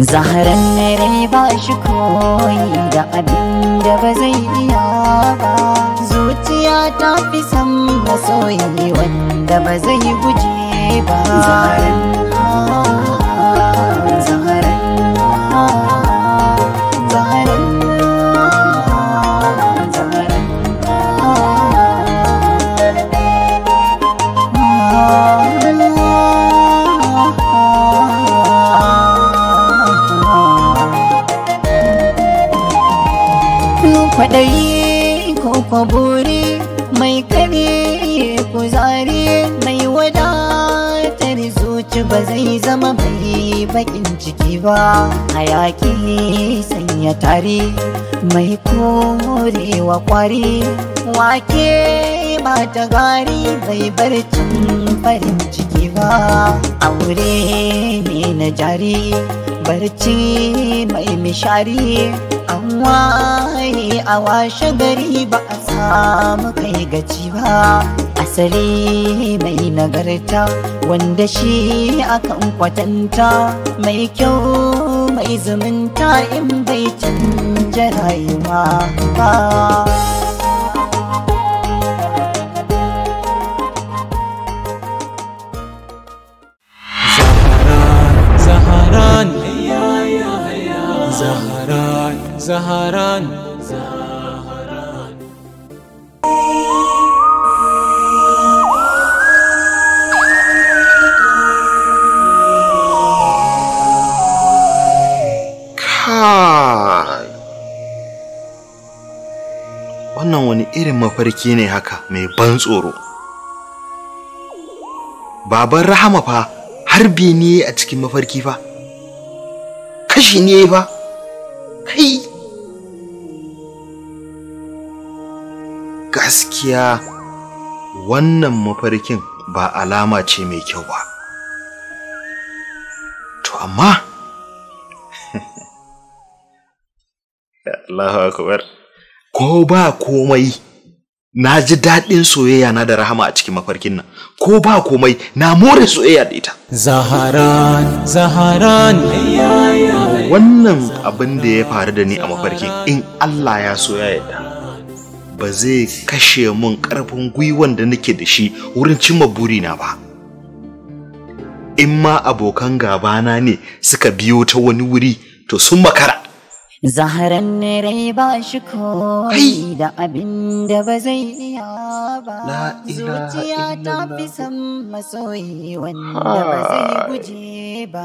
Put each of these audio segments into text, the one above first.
zaharan nere ba shi koyi da abinda da ba zai iya ba zuciya ta fi san masoyi wanda ba zai guje ba zaharan zaharan kwaɗayi ko kwaburi mai kare kuzari mai wadatar zuci ba zai zama bai bakin ciki ba A yaƙi sanya tari mai korewa kwari wake ba ta gari bai barcin farin ciki ba aure ne na jari barci mai mishari an waye a washe gari ba a samu kai gaci ba asali mai nagarta wanda shi akan kwatanta mai kyau mai zumunta in bai canja rayuwa ba زهران wannan wani irin mafarki ne haka mai ban tsoro baban rahama fa harbi ne a cikin mafarki fa kashi ne fa gaskiya wannan mafarkin ba alama ce mai kyau ba to amma Allahu akbar ko ba komai na ji daɗin soyayya na da rahama a cikin mafarkin nan ko ba komai na more soyayya da ita zaharan zaharan wannan abin da ya faru da ni a mafarkin in Allah ya soyayya ya ba zai kashe mun ƙarfin gwiwan da nake da shi wurin cimma burina ba in ma abokan gabana ne suka biyo ta wani wuri to sun makara zaharan rai ba shi koyi da abin da ba zai iya ba zuciya ta fi san masoyi wanda ba zai guje ba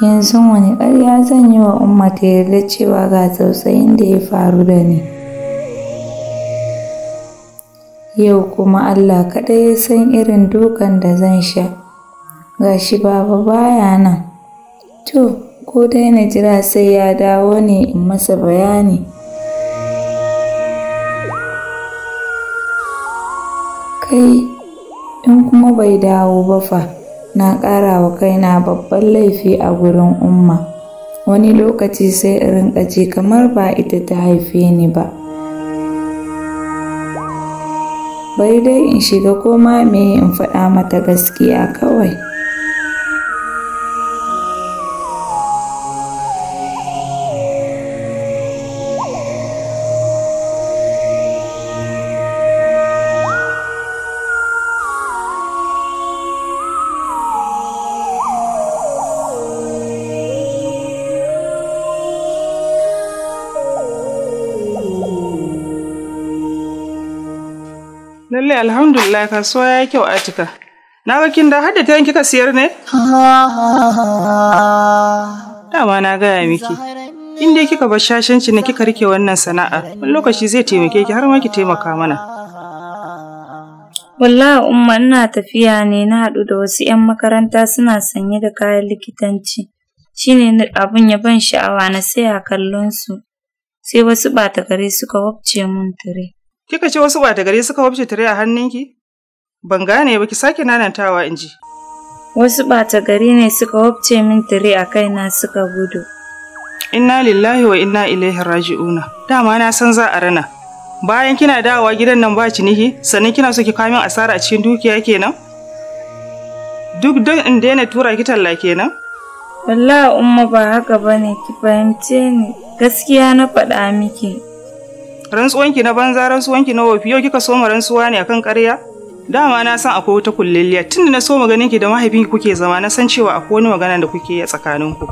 yanzu wani ƙarya zan yi wa umma ta yarda cewa ga tsautsayin da ya faru da ni yau kuma allah kaɗai ya san irin dukan da zan sha ga gashi baba baya nan to ko dai na jira sai ya dawo ne in masa bayani kai in kuma bai dawo ba fa na ƙara wa kaina babban laifi a gurin umma wani lokaci sai in rinka ji kamar ba ita ta haife ni ba bai dai in shiga koma me in faɗa mata gaskiya kawai Alhamdulillah kasuwa ya kyau a cika? Na ga kin da hadda tayin kika siyar ne? Dama na gaya miki. In dai kika bar shashanci na kika rike wannan sana'ar, wani lokaci zai taimake ki har ma ki taimaka mana. Wallahi umma ina tafiya ne na haɗu da wasu 'yan makaranta suna sanye da kayan likitanci. Shine abin ya ban sha'awa na a kallon su. Sai wasu ɓata gari suka wabce mun tare. Kika ce wasu ɓata gari suka wabce tare a hannunki? Ban gane ba ki sake nanantawa in ji. Wasu ɓata gari ne suka wabce min tire a kaina suka gudu. Inna lillahi wa inna ilaihi raji'una. Dama na san za a rana. Bayan kina dawowa gidan nan ba ciniki, sannan kina so ki kamin asara a cikin dukiya kenan? Duk don in daina tura ki talla kenan? Wallahi umma ba haka bane ki fahimce ni. Gaskiya na faɗa miki. Rantsuwanki na banza rantsuwanki na wofi yau kika soma rantsuwa ne akan ƙarya? dama na san akwai wata kullilliya tun da na so maganin ki da mahaifin kuke zama na san cewa akwai wani magana da kuke yi a tsakaninku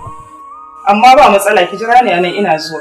amma ba matsala ki jira ni a nan ina zuwa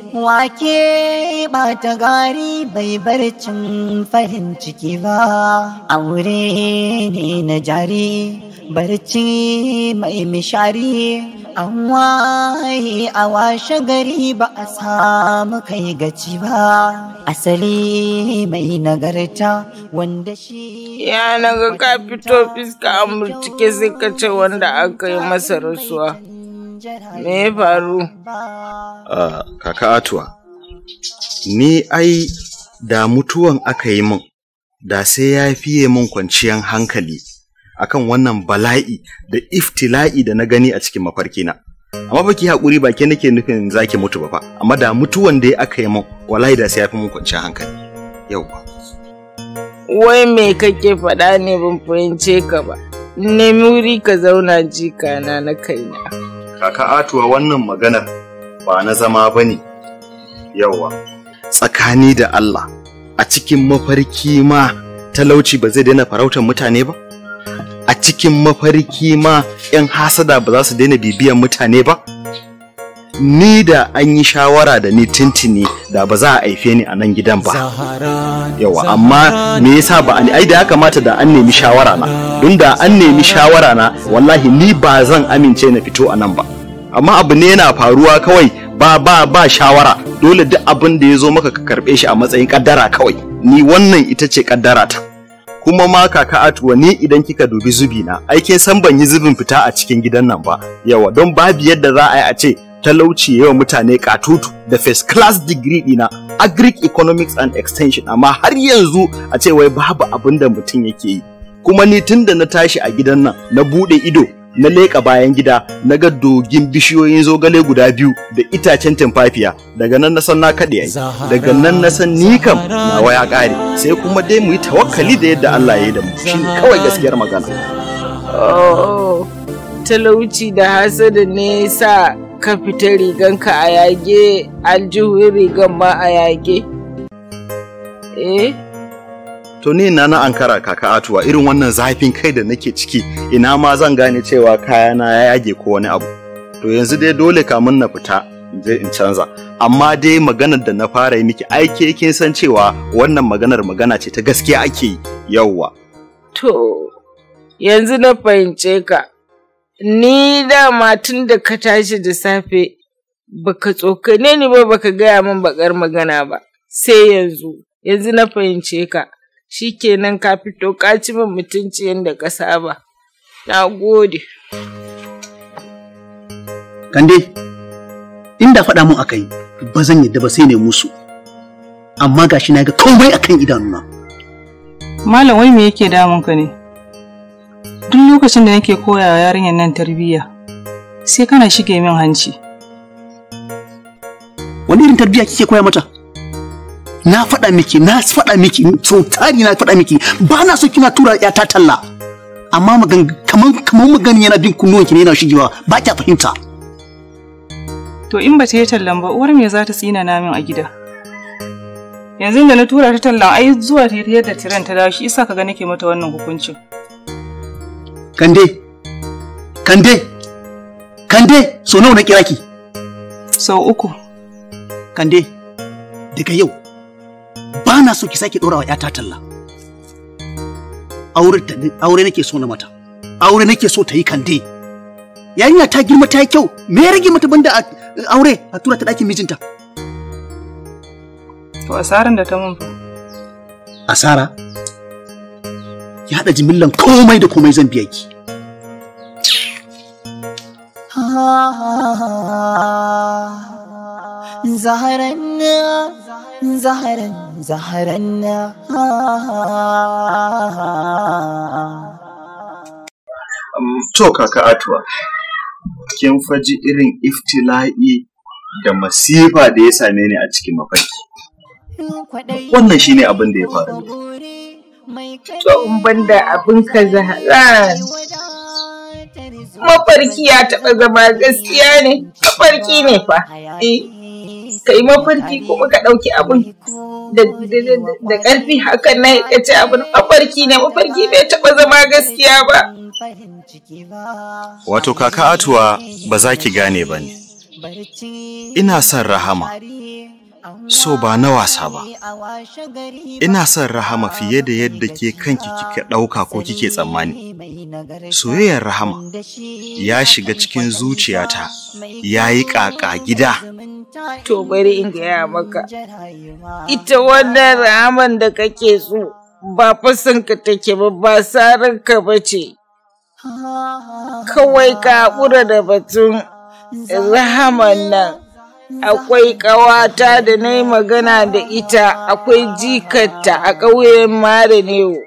wake ba ta gari bai barcin farin ciki ba aure ne na jari barci mai mishari an waye a washe gari ba a samu kai gaci ba asali mai nagarta wanda shi ya naga ka fito fiska amurtike sai ka ce wanda aka yi masa rasuwa Me faru? Uh, kaka Atuwa, ni ai da mutuwan aka yi min, da sai ya fiye min kwanciyan hankali akan wannan bala'i da iftila'i da na gani a cikin mafarkina. Amma baki ki haƙuri ba ke nake nufin zaki mutu ba fa, amma da mutuwan da aka yi min, wallahi da sai ya fi min kwanciyan hankali. Yauwa. Wai me kake faɗa ne ban fahimce ka ba, nemi wuri ka zauna kana na kaina. kaka atuwa wannan maganar ba na zama ba ne yawa tsakani da Allah a cikin mafarki ma talauci ba zai daina farautar mutane ba a cikin mafarki ma 'yan hasada ba za su daina bibiyan mutane ba ni da an yi shawara da ni tintini da ba za a haife ni a nan gidan ba yawa amma me yasa ba ai da ya kamata da an nemi shawara na don da an nemi shawara na wallahi ni ba zan amince na fito a nan ba amma abu ne yana faruwa kawai ba ba ba shawara dole duk abin da ya zo maka ka karɓe shi a matsayin ƙaddara kawai ni wannan ita ce kaddara ta kuma ma kaka atuwa ni idan kika dubi zubi na ai san ban yi zubin fita a cikin gidan nan ba yawa don babu yadda za a yi a ce talauci yawa mutane katutu da first class degree dina agric economics and extension amma har yanzu a ce wai babu abin da mutum yake yi kuma ni tun da na tashi a gidan nan na buɗe ido na leƙa bayan gida na ga dogin bishiyoyin zogale guda biyu da itacen tumfafiya daga nan na san na kaɗe daga nan na san ni kam na ya ƙare sai kuma dai mu yi tawakkali da yadda Allah ya yi da mu shi kawai gaskiyar magana. Oh, talauci da hasada ne sa ka fita riganka a yage aljihun rigan ma a yage. eh to ni na na ankara kaka atuwa irin wannan zafin kai da nake ciki ina ma zan gane cewa kayana ya yage ko wani abu to yanzu dai dole kamun na fita je in canza amma dai maganar da na fara yi miki ke kin san cewa wannan maganar magana ce ta gaskiya ake yi yawwa to yanzu na fahimce ka ni dama tun da ka tashi da safe baka tsokane ni ba baka gaya min bakar magana ba sai yanzu yanzu na fahimce ka shi kenan ka fito ka ci min mutunci yadda ka saba. Na gode. Kande, inda faɗa mun akai ba zan yadda ba sai ne musu. Amma gashi na ga komai akan idanuna. Malam wai me yake damun ka ne? Duk lokacin da nake koya wa yarinyar nan tarbiyya, sai kana shige min hanci. Wani irin tarbiyya kike koya mata? na faɗa miki na faɗa miki so tari na faɗa miki ba na so kina tura ya ta talla amma magan kaman kaman magani yana bin kunnuwan ki ne yana shigewa ba kya fahimta to in ba ta yi tallan ba uwar me za ta tsina na min a gida yanzu da na tura ta tallan ai zuwa ta yadda tiran ta dawo shi isa kaga nake mata wannan hukuncin kande kande kande so nawa na kira ki sau uku kande daga yau bana so ki sake dora wa ‘yata talla. Aure nake so na mata, aure nake so ta yi kande. ya ta girma ta yi kyau, me ya rage mata banda aure a tura ta ɗakin mijinta? To asaran da ta mun fa. Asara? Ki haɗa jimillan komai da komai zan biya ki. Zaharan zaharan zaharan na to kaka atuwa kin faji irin iftila'i da masifa da ya same ni a cikin mafarki wannan shine abin da ya faru to in banda abin ka zaharan mafarki ya taɓa zama gaskiya ne mafarki ne fa eh ka yi mafarki kuma ka ɗauki abin da ƙarfi hakan na ya ce abin mafarki ne mafarki bai taɓa zama gaskiya ba. Wato kaka atuwa ba za ki gane ba ne. Ina son rahama, so ba na wasa ba. Ina son Rahama fiye da yadda ke kanki kika ɗauka ko kike tsammani. Soyayyar Rahama ya shiga cikin zuciyata ya yi ƙaƙa gida. To bari in gaya maka, ita wannan Rahaman da kake so ba ka take ba ba saranka ba ce. Kawai ka haƙura da batun Rahaman nan. akwai ƙawata da na yi magana da ita akwai jikarta a ƙauyen Marinewo.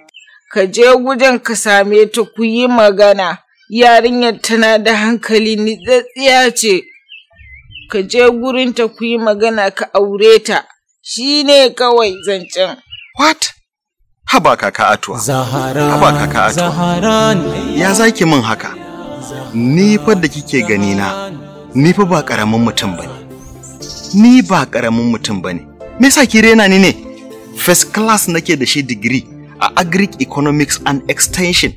Ka je gudun ka same ta ku yi magana, yarinyar tana da hankali nitsatsiya ce. Ka je gurinta ku yi magana ka aure ta, shi ne kawai zancen. What? Haba kaka atuwa. Haba kaka atuwa. Ya zaki min haka. Ni fa da kike ganina, ni fa ba ƙaramin mutum ba ne. ni ba ƙaramin mutum ba ne me yasa ki rena ni ne first class nake da shi digiri a agric economics and extension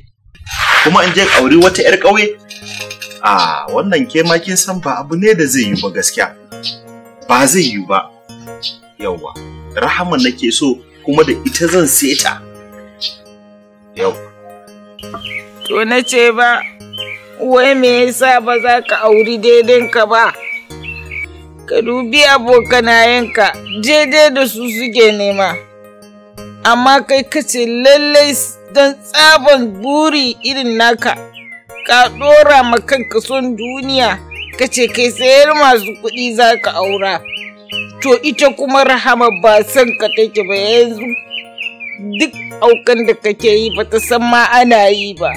kuma in je auri wata 'yar ƙauye a wannan ke ma kin san ba abu ne da zai yi ba gaskiya ba zai yi ba yawwa rahama nake so kuma da ita zan seta yau to na ce ba wai me yasa ba za ka auri daidinka ba ka dubi abokanayenka daidai da su suke nema amma kai kace lallai don tsaban buri irin naka ka ɗora ma kanka son duniya kace kai sayar masu kuɗi za ka aura to ita kuma rahama ba son ka take ba yanzu duk aukan da kake yi ba ta san ma ana yi ba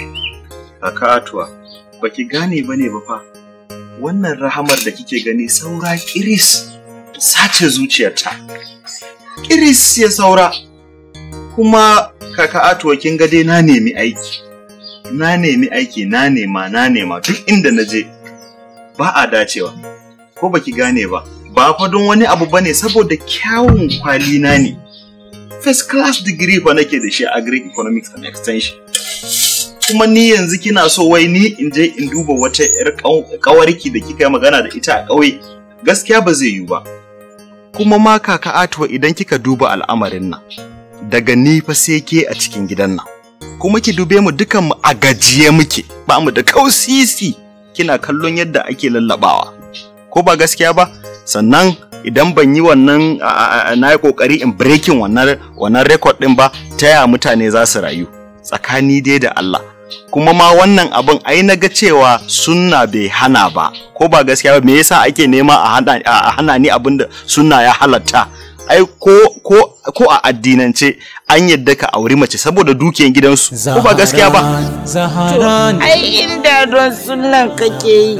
kaka atuwa baki gane ba ne ba fa wannan rahamar da kike gani saura kiris sace zuciyarta kiris ya saura kuma kaka atuwa kin ga dai na nemi aiki na nemi aiki na nema na nema duk inda na je ba a dacewa ko baki gane ba ba fa don wani abu bane saboda kyawun kwali na ne first class degree fa nake da shi agri economics and extension kuma ni yanzu kina so wai ni in je in duba wata yar kawarki da kika magana da ita a ƙauye gaskiya ba zai yiwu ba kuma ma kaka atuwa idan kika duba al'amarin nan daga ni fa sai ke a cikin gidan nan kuma ki dube mu dukan mu a gajiye muke ba mu da kausisi kina kallon yadda ake lallabawa ko ba gaskiya ba sannan idan ban yi wannan na yi kokari in breaking wannan record din ba taya mutane za su rayu tsakani dai da Allah kuma ma wannan abin ai na ga cewa sunna bai hana ba ko ba gaskiya ba me yasa ake nema a hana ni abin da sunna ya halatta ai ko ko ko a addinance an yadda ka auri mace saboda dukiyan gidansu ko ba gaskiya ba ai inda don sunnan kake yi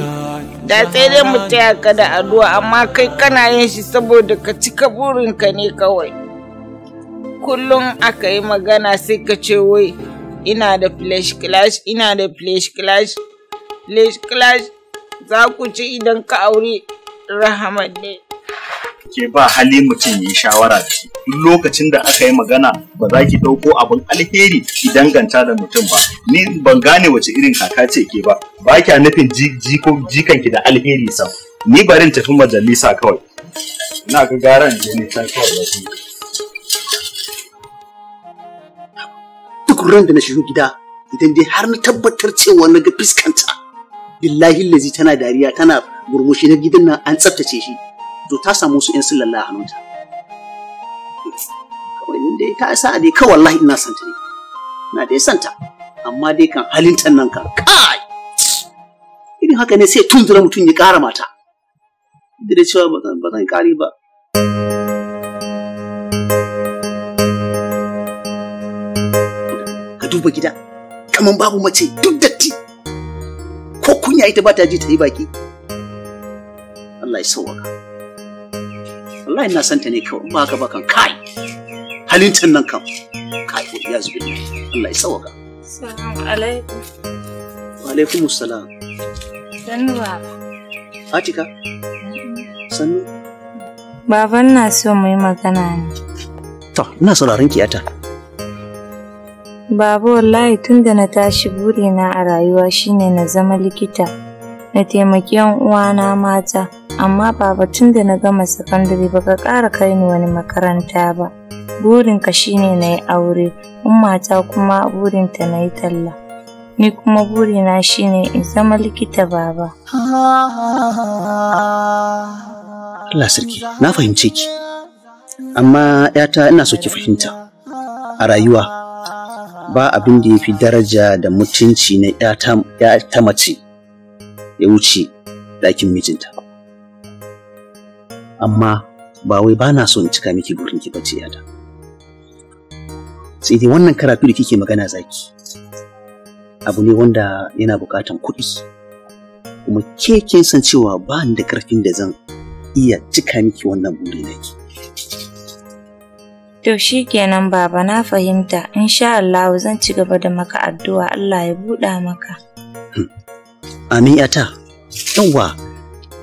da sai dai mu taya ka da addu'a amma kai kana yin shi saboda ka cika burinka ne kawai kullum aka yi magana sai ka ce wai ina da flash clash ina da flash clash flash clash za ku ci idan ka aure rahamat ne ke ba hali mutum yi shawara da shi duk lokacin da aka yi magana ba za ki ɗauko abin alheri idan ganta da mutum ba ni ban gane wace irin kaka ce ke ba ba kya nufin jikanki da alheri sam ni barin tafi majalisa kawai ina ga garan je ne ta kawai duk da na shigo gida idan dai har na tabbatar cewa na ga fiskanta billahi lazi tana dariya tana gurgushi na gidan nan an tsaftace shi to ta samu su yan sallalla a hannunta kawai nan dai ta sa dai ka wallahi ina son ta ne na dai santa amma dai kan halinta nan kan kai irin haka ne sai tunzura mutum ya kara mata duk da cewa ba zan kare ba duba gida kaman babu mace duk datti ko kunya ita ba ta ji ta yi baki Allah ya sauwaka Allah ina santa ne kawai ba ka ba kai halintan nan kan kai ko ya zubi Allah ya sauwaka Assalamu alaikum Wa alaikum assalam Sannu ba Fatika Sannu Baban na so mu yi magana ne To ina sauraron kiyata Babu wallahi tun da na tashi burina a rayuwa shine na zama likita, na taimaki uwana mata, amma baba tun da na gama sakandare ba ka ƙara kai ni wani makaranta ba. Burinka shine na yi aure, ummata kuma burinta na yi talla. Ni kuma burina shine in zama likita baba. Allah sarki, na fahimce ki. Amma 'yata ina so ki fahimta. A rayuwa, ba abin da ya fi daraja da mutunci na ya ta mace ya wuce ɗakin mijinta amma ba wai ba na so in cika miki burin ki bace yada sai dai wannan karatu da kike magana zaki abu ne wanda yana buƙatan kuɗi kuma ke kin san cewa ba ni da karfin da zan iya cika miki wannan buri naki To shi kenan baba na fahimta, insha Allah zan ci gaba da maka addu'a Allah ya buɗa maka. Hmm. Amin yata, yawwa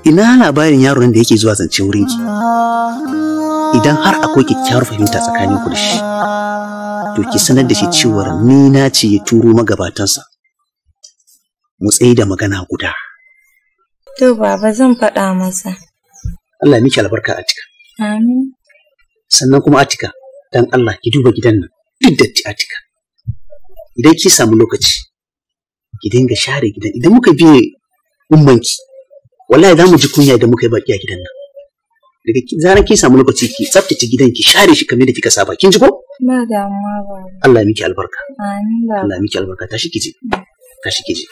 ina labarin yaron da yake zuwa zance wurin ki. Idan har akwai kyakkyawar fahimta tsakanin ku da shi, to ki sanar da shi cewar ni na ce ya turo magabatansa. Mu tsaye da magana guda. To baba zan faɗa masa. Allah ya miki albarka Atika. Amin. Sannan kuma Atika, dan Allah ki duba gidan nan duk datti a cika idan ki samu lokaci ki dinga share gidan idan muka biye ummanki wallahi za mu ji kunya idan muka yi baki a gidan nan daga zaran ki samu lokaci ki tsaftace gidan ki share shi kamar da kika saba kin ji ko na damuwa ba Allah ya miki albarka amin ba Allah ya miki albarka tashi ki je mm. tashi ki je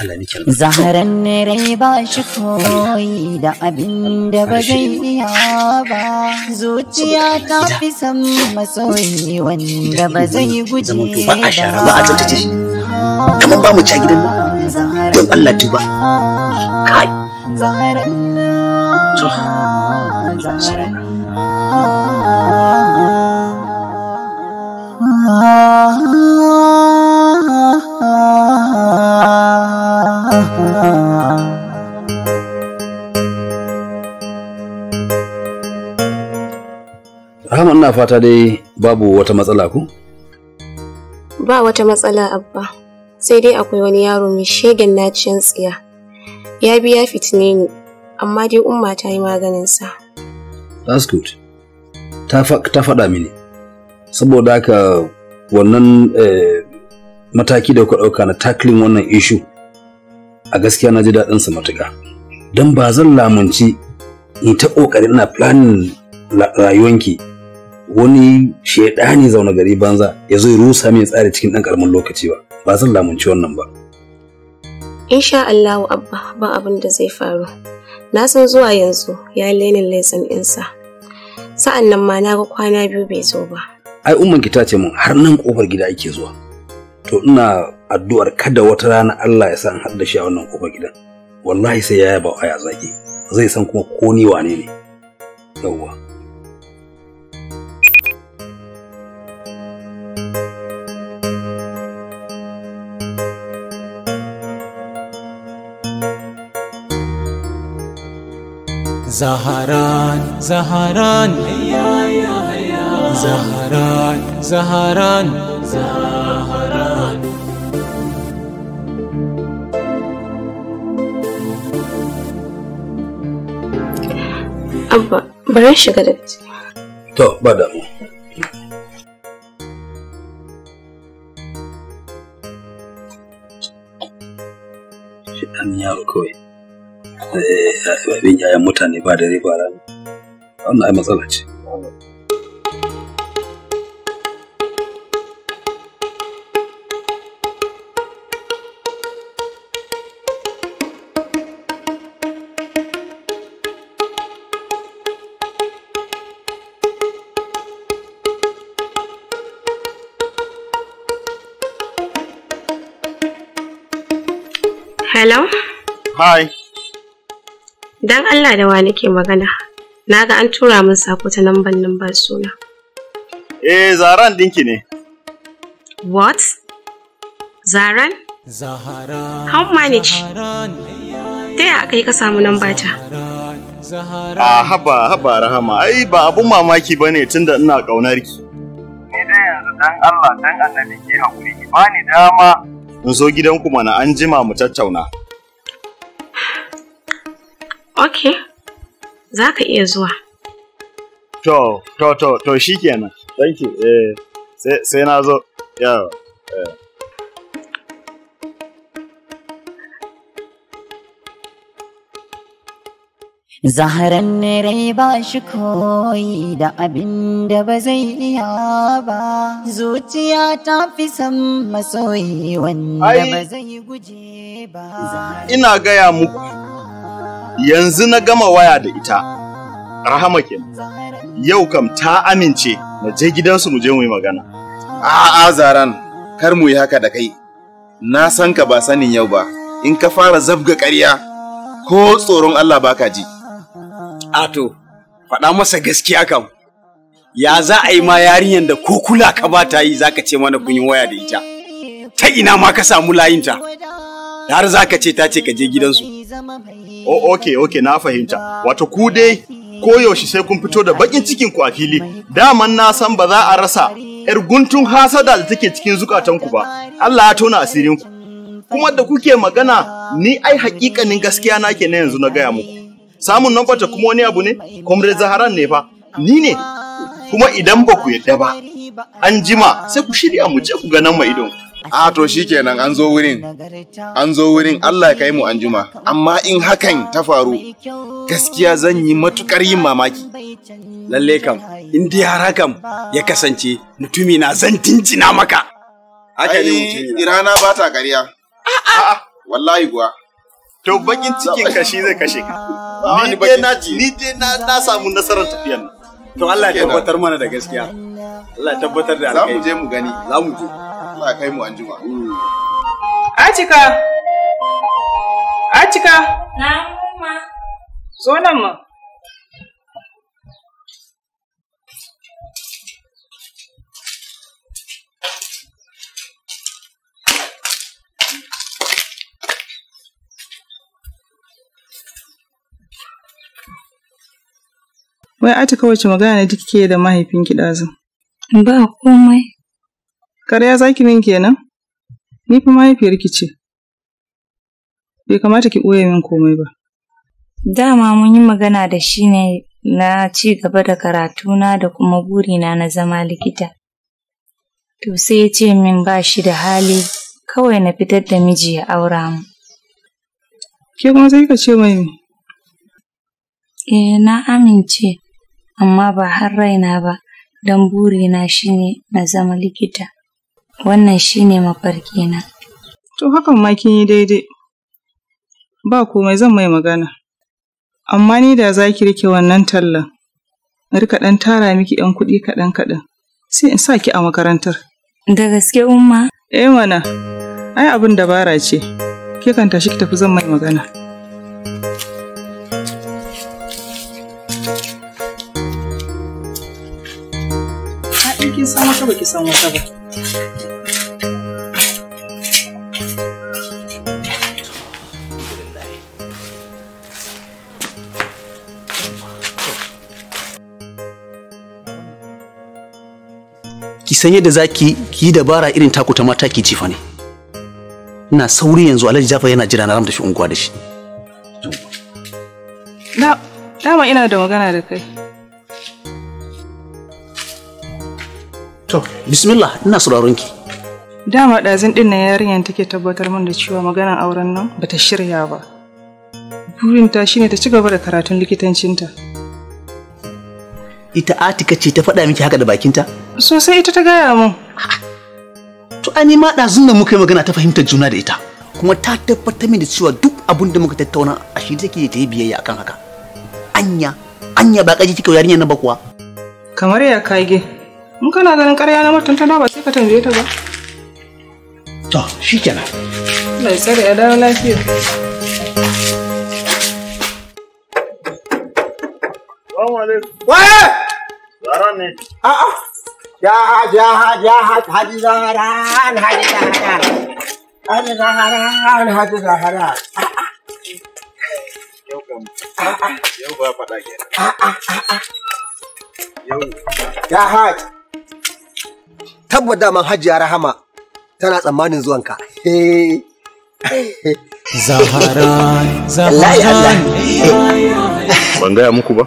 Allah ne Zaharan rai ba shi koyi da abin da ba zai iya ba. Zuciya ta fi san masoyi wanda ba zai guje ba. ba. a shara ba tsaftace shi. Kamar ba mu ca gidan nan. Don Allah duba. Kai. Zaharan Zaharan Ah Rahama ina fata dai babu wata matsala ku? Ba wata matsala abba, sai dai akwai wani yaro mai shegen naciyan tsiya. Ya biya fitine ni, amma dai umma ta yi maganinsa. That's good. Ta faɗa mini, saboda haka wannan eh, mataki da kuka ɗauka na tackling wannan issue a gaskiya na ji daɗin su matuƙa don ba zan lamunci in ta ƙoƙari ina planning rayuwanki wani shaidani zaune gari banza ya zo rusa mai tsari cikin ɗan ƙaramin lokaci ba ba zan lamunci wannan ba insha Allahu abba ba abin da zai faru na san zuwa yanzu ya lenin laifin ɗinsa sa'an nan ma na ga kwana biyu bai zo ba ai umman ki ta ce min har nan kofar gida ake zuwa to ina addu'ar kada wata rana Allah ya san har shi a wannan kofar gidan wallahi sai ya yaba aya zaki zai san kuma ko ni wane ne yawwa Zaharan, Zaharan, Zaharan, Zaharan, Abba, bari shiga da To, ba da Shiɗan yaro kawai. Eh, abin yayan mutane ba da riba rana. Wannan ai matsala ce. Hi. Dan Allah da wani ke magana. Na ga an tura min sako ta lambar nan ba suna. Eh, Zaran dinki ne. What? Zaran? Zahara. How manage? Ta ya kai ka samu ta? Zahara. A ah, haba haba rahama ai ba abun mamaki ba ne tunda ina kaunar ki. Ni da yanzu dan Allah dan ne ke hakuri ki bani dama. In zo gidanku mana an jima mu tattauna. Ok, za ka iya zuwa. To, to, to, to shi kenan. Thank you. Eh, sai na zo. Yawa. Eh. Zaharan rai ba shi koyi da abin da ba zai iya ba, zuciya ta fi san masoyi wanda ba zai guje ba. Ina gaya muku. yanzu na gama waya da ita rahama kenan yau kam ta amince na je gidansu mu je mu yi magana a'a zaran kar mu yi haka da kai na san ka ba sanin yau ba in ka fara zabga ƙarya ko tsoron Allah baka ji ato faɗa masa gaskiya kam ya za a yi ma yarinyar da ko kula ka ba ta yi zaka ce mana kun yi waya da ita ta ina ma ka samu layinta har zaka ce ta ce ka je gidansu Oh, ok, ok, na fahimta. Wato ku dai koyaushe sai kun fito da bakin cikin ku a fili. Daman na san ba za a rasa ‘yar guntun hasada da take cikin zukatanku ba. Allah ya tona asirin ku. Kuma da kuke magana ni ai haƙiƙanin gaskiya na ke na yanzu na gaya muku. Samun nan fata kuma wani abu ne? Comrade Zaharan ne fa. Ni ne. Kuma idan ba ku yadda ba, an jima sai ku shirya mu je ku ga nan ma idon a to shi kenan an zo wurin an zo wurin Allah ya kai mu anjuma amma in hakan ta faru gaskiya zan yi matukar yin mamaki lalle kam in dai har hakan ya kasance mutumi na zan tinjina maka haka ne mutumi rana ba ta kariya. wallahi kuwa to bakin cikin ka shi zai kashe ka ni dai na ni dai na samu nasarar tafiyan to Allah ya tabbatar mana da gaskiya Allah ya tabbatar da alƙai. za mu je mu gani za mu je Allah kai mu anjima. Acika! Atika! Na ma. Zo nan ma. Wai Atika wace magana da kike da mahaifin ki ɗazun? Ba komai. Karya zaki ki min kenan? Ni fa fi ce. Bai kamata ki ɓoye min komai ba. Dama mun yi magana da shi ne na ci gaba da karatuna da kuma burina na zama likita. To sai ya ce min ba shi da hali kawai na fitar da miji ya aura mu. Ke kuma sai ka ce mai Eh na amince, amma ba har raina ba, don burina shi ne na zama likita. wannan shine ne mafarkina. to hakan ma kin yi daidai ba komai zan mai magana amma ni da za ki rike wannan tallan rika ɗan tara miki ‘yan kuɗi kaɗan kaɗan sai in sa ki a makarantar da gaske umma eh mana ai abin dabara ce ke kan tashi ki tafi zan mai magana Kin san wata ba ki san wata ba. san yadda za ki yi dabara irin taku ta mata ki fa ne ina sauri yanzu alhaji jafar yana jira na ramta shi unguwa da shi dama ina da magana da kai to bismillah ina sauraron ki dama ɗazin ɗin na yarinyar take tabbatar min da cewa maganar auren nan ta shirya ba burinta shine ta ci gaba da karatun likitancinta ita atika ce ta faɗa miki haka da bakinta? sai ita ta gaya mun. To ani ma ɗazun da muka yi magana ta fahimtar juna da ita. Kuma ta tabbatar min da cewa duk abin da muka tattauna a shi take ta yi biyayya akan haka. Anya, anya ba kaji kika yarinya na ba kuwa. Kamar ya kage. In kana ganin ƙarya na mutuntana ba sai ka tambaye ta ba. To, shi kenan. ya tsare ya dawo lafiya. Salamu alaikum. Waye! Zara ne. Jahat, jahat, jahat, Haji Zaharan, Haji Zaharan. Haji Zaharan, Haji Zaharan. Ah, ah. Yau ah, Tabbata man Hajiya tana tsammanin zuwanka. Zaharan, Ban gaya muku ba.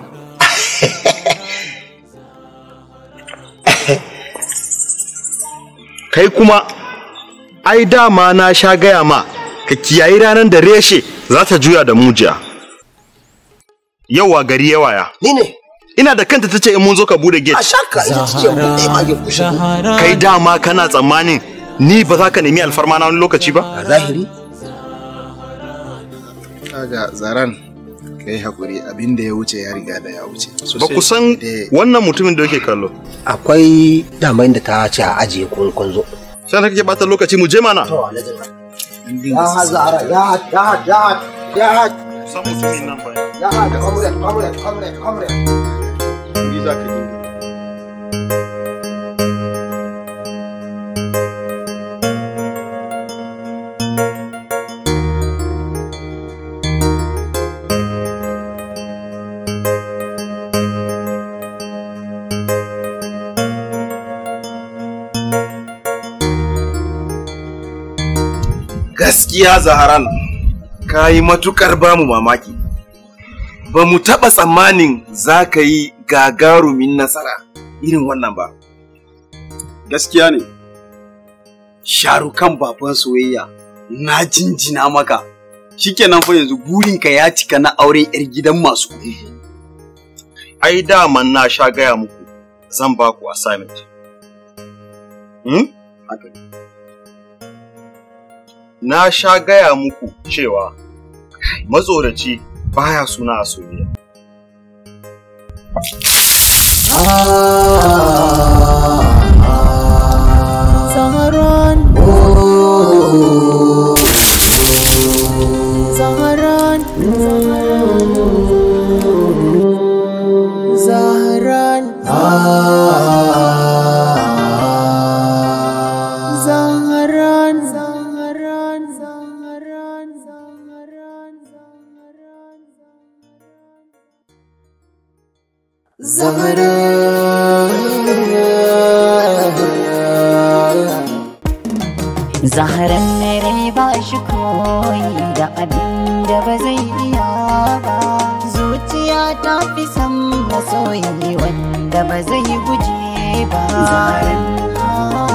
kai kuma ai dama na sha gaya ma ka kiyayi ranar da reshe za ta juya da mujiya yawa gari yawa ya ni ne ina da kanta tace in mun zo ka bude gate kai dama kana tsammanin ni ba za ka nemi alfarma na wani lokaci ba a zahiri kaga zaran kai hakuri abin da ya wuce ya riga da ya wuce ba ku san wannan mutumin da yake kallo akwai damar da ta ce a ajiye kun kun zo sai kake bata lokaci mu je mana ya hazara ya ya ya ya samu su nan ya ya ya ya ya ya ya ya ni ya ya gaskiya zaharan ka yi matukar bamu mamaki ba mu taɓa tsammanin za ka yi gagarumin nasara irin wannan ba gaskiya ne sharukan baban soyayya na jinjina maka shikenan fa yanzu ka ya cika na auren 'yar gidan masu kuɗi ai daman na sha gaya muku zan ba ku assignment hmm? okay. na sha gaya muku cewa matsoraci baya suna a soyayya. Oh Zahra Zahararre ba shi koyi da abin da ba zai iya ba Zuciya ta fi san masoyi wanda ba zai guje ba ah.